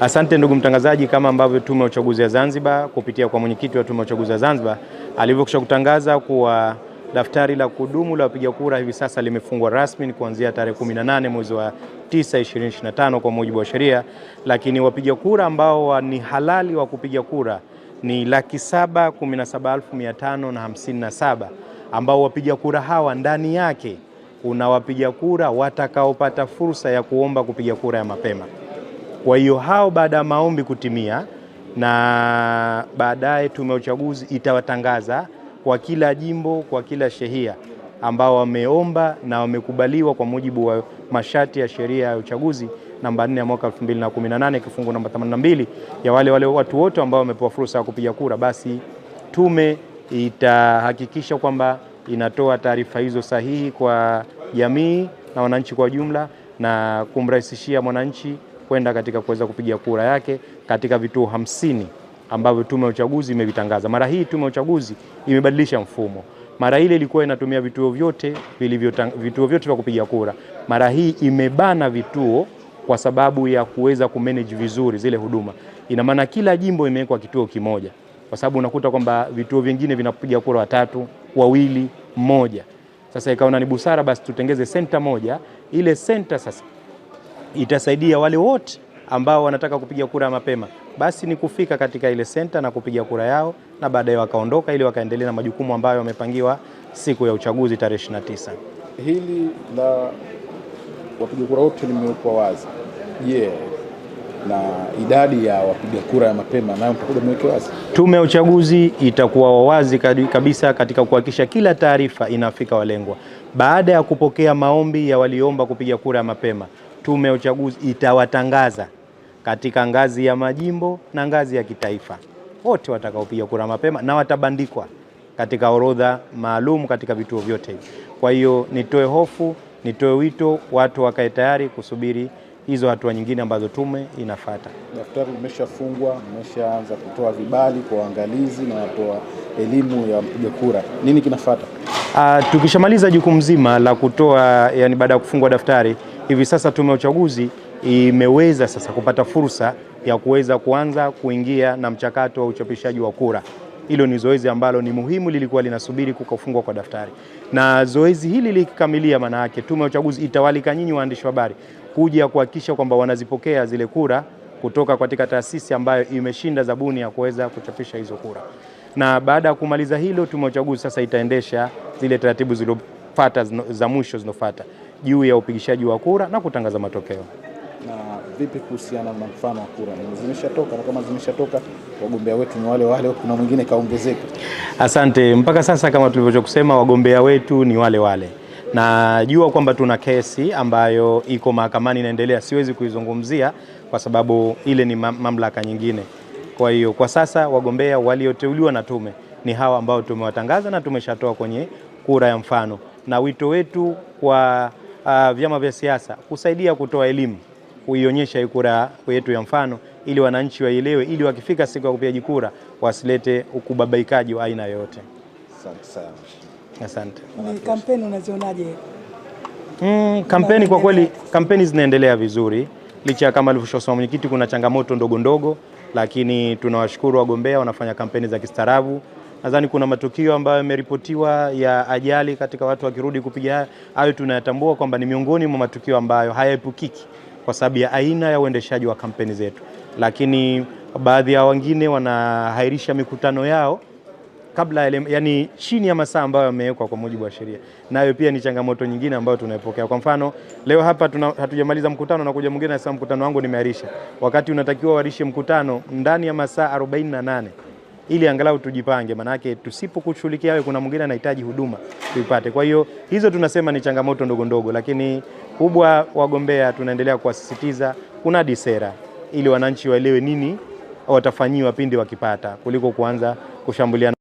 Asante ndugu mtangazaji, kama ambavyo Tume ya Uchaguzi ya Zanzibar kupitia kwa mwenyekiti wa Tume ya Uchaguzi ya Zanzibar alivyokwisha kutangaza kuwa daftari la kudumu la wapiga kura hivi sasa limefungwa rasmi kuanzia tarehe 18 mwezi wa 9 2025 kwa mujibu wa sheria, lakini wapiga kura ambao ni halali wa kupiga kura ni laki saba kumi na saba elfu mia tano na hamsini na saba ambao wapiga kura hawa ndani yake kuna wapiga kura watakaopata fursa ya kuomba kupiga kura ya mapema. Kwa hiyo hao baada ya maombi kutimia, na baadaye tume ya uchaguzi itawatangaza kwa kila jimbo, kwa kila shehia ambao wameomba na wamekubaliwa kwa mujibu wa masharti ya sheria ya uchaguzi namba 4 ya mwaka 2018 kifungu namba 82 ya wale wale watu wote ambao wamepewa fursa ya kupiga kura, basi tume itahakikisha kwamba inatoa taarifa hizo sahihi kwa jamii na wananchi kwa jumla na kumrahisishia mwananchi kwenda katika kuweza kupiga kura yake katika vituo hamsini ambavyo tume ya uchaguzi imevitangaza. Mara hii tume ya uchaguzi imebadilisha mfumo. Mara ile ilikuwa inatumia vituo vyote vilivyo vituo vyote vya kupiga kura. Mara hii imebana vituo kwa sababu ya kuweza kumanage vizuri zile huduma. Ina maana kila jimbo imewekwa kituo kimoja, kwa sababu unakuta kwamba vituo vingine vinapiga kura watatu, wawili, mmoja. Sasa ikaona ni busara basi tutengeze senta moja, ile senta sasa itasaidia wale wote ambao wanataka kupiga kura mapema, basi ni kufika katika ile senta na kupiga kura yao, na baadaye wakaondoka ili wakaendelea na majukumu ambayo wamepangiwa siku ya uchaguzi tarehe 29. Hili la wapiga kura wote limewekwa wazi. Je, yeah. Na idadi ya wapiga kura ya mapema nayo mtakuja mweke wazi. Tume ya uchaguzi itakuwa wazi kabisa katika kuhakikisha kila taarifa inafika walengwa, baada ya kupokea maombi ya waliomba kupiga kura ya mapema. Tume ya Uchaguzi itawatangaza katika ngazi ya majimbo na ngazi ya kitaifa wote watakaopiga kura mapema na watabandikwa katika orodha maalum katika vituo vyote hivi. Kwa hiyo nitoe hofu, nitoe wito, watu wakae tayari kusubiri hizo hatua nyingine ambazo tume inafata Daftari limeshafungwa, mmeshaanza kutoa vibali kwa waangalizi na watoa elimu ya mpiga kura, nini kinafuata? Uh, tukishamaliza jukumu zima la kutoa, yani baada ya kufungwa daftari hivi sasa tume ya uchaguzi imeweza sasa kupata fursa ya kuweza kuanza kuingia na mchakato wa uchapishaji wa kura. Hilo ni zoezi ambalo ni muhimu, lilikuwa linasubiri kukafungwa kwa daftari, na zoezi hili likikamilia, maana yake tume ya uchaguzi itawalika nyinyi waandishi wa habari kuja kuhakikisha kwamba wanazipokea zile kura kutoka katika taasisi ambayo imeshinda zabuni ya kuweza kuchapisha hizo kura. Na baada ya kumaliza hilo, tume ya uchaguzi sasa itaendesha zile taratibu zilizofuata za mwisho zinazofuata juu ya upigishaji wa kura na kutangaza matokeo. Na vipi kuhusiana na mfano wa kura zimeshatoka, na kama zimeshatoka wagombea wetu ni wale wale, kuna mwingine kaongezeka? Asante. Mpaka sasa kama tulivyokusema, wagombea wetu ni wale wale. Najua kwamba tuna kesi ambayo iko mahakamani inaendelea, siwezi kuizungumzia kwa sababu ile ni mamlaka nyingine. Kwa hiyo kwa sasa wagombea walioteuliwa na tume ni hawa ambao tumewatangaza na tumeshatoa kwenye kura ya mfano, na wito wetu kwa uh, vyama vya siasa kusaidia kutoa elimu, kuionyesha hii kura yetu ya mfano, ili wananchi waelewe, ili wakifika siku ya kupigaji kura wasilete ukubabaikaji wa aina yoyote. Asante sana. kampeni unazionaje? Mm, kampeni kwa kweli, kampeni zinaendelea vizuri licha ya kama alivyosema mwenyekiti, kuna changamoto ndogo ndogo, lakini tunawashukuru wagombea, wanafanya kampeni za kistaarabu nadhani kuna matukio ambayo yameripotiwa ya ajali katika watu wakirudi kupiga hayo, tunayatambua kwamba ni miongoni mwa matukio ambayo hayaepukiki kwa sababu ya aina ya uendeshaji wa kampeni zetu, lakini baadhi ya wengine wanahairisha mikutano yao kabla yani, chini ya masaa ambayo yamewekwa kwa mujibu wa sheria, nayo pia ni changamoto nyingine ambayo tunaipokea. Kwa mfano leo hapa tuna, hatujamaliza mkutano na kuja mwingine anasema mkutano wangu nimeahirisha, wakati unatakiwa uahirishe mkutano ndani ya masaa 48 ili angalau tujipange, maanake tusipokushughulikia wewe, kuna mwingine anahitaji huduma tuipate. Kwa hiyo hizo tunasema ni changamoto ndogo ndogo, lakini kubwa, wagombea tunaendelea kuwasisitiza kunadi sera ili wananchi waelewe nini watafanyiwa pindi wakipata, kuliko kuanza kushambuliana.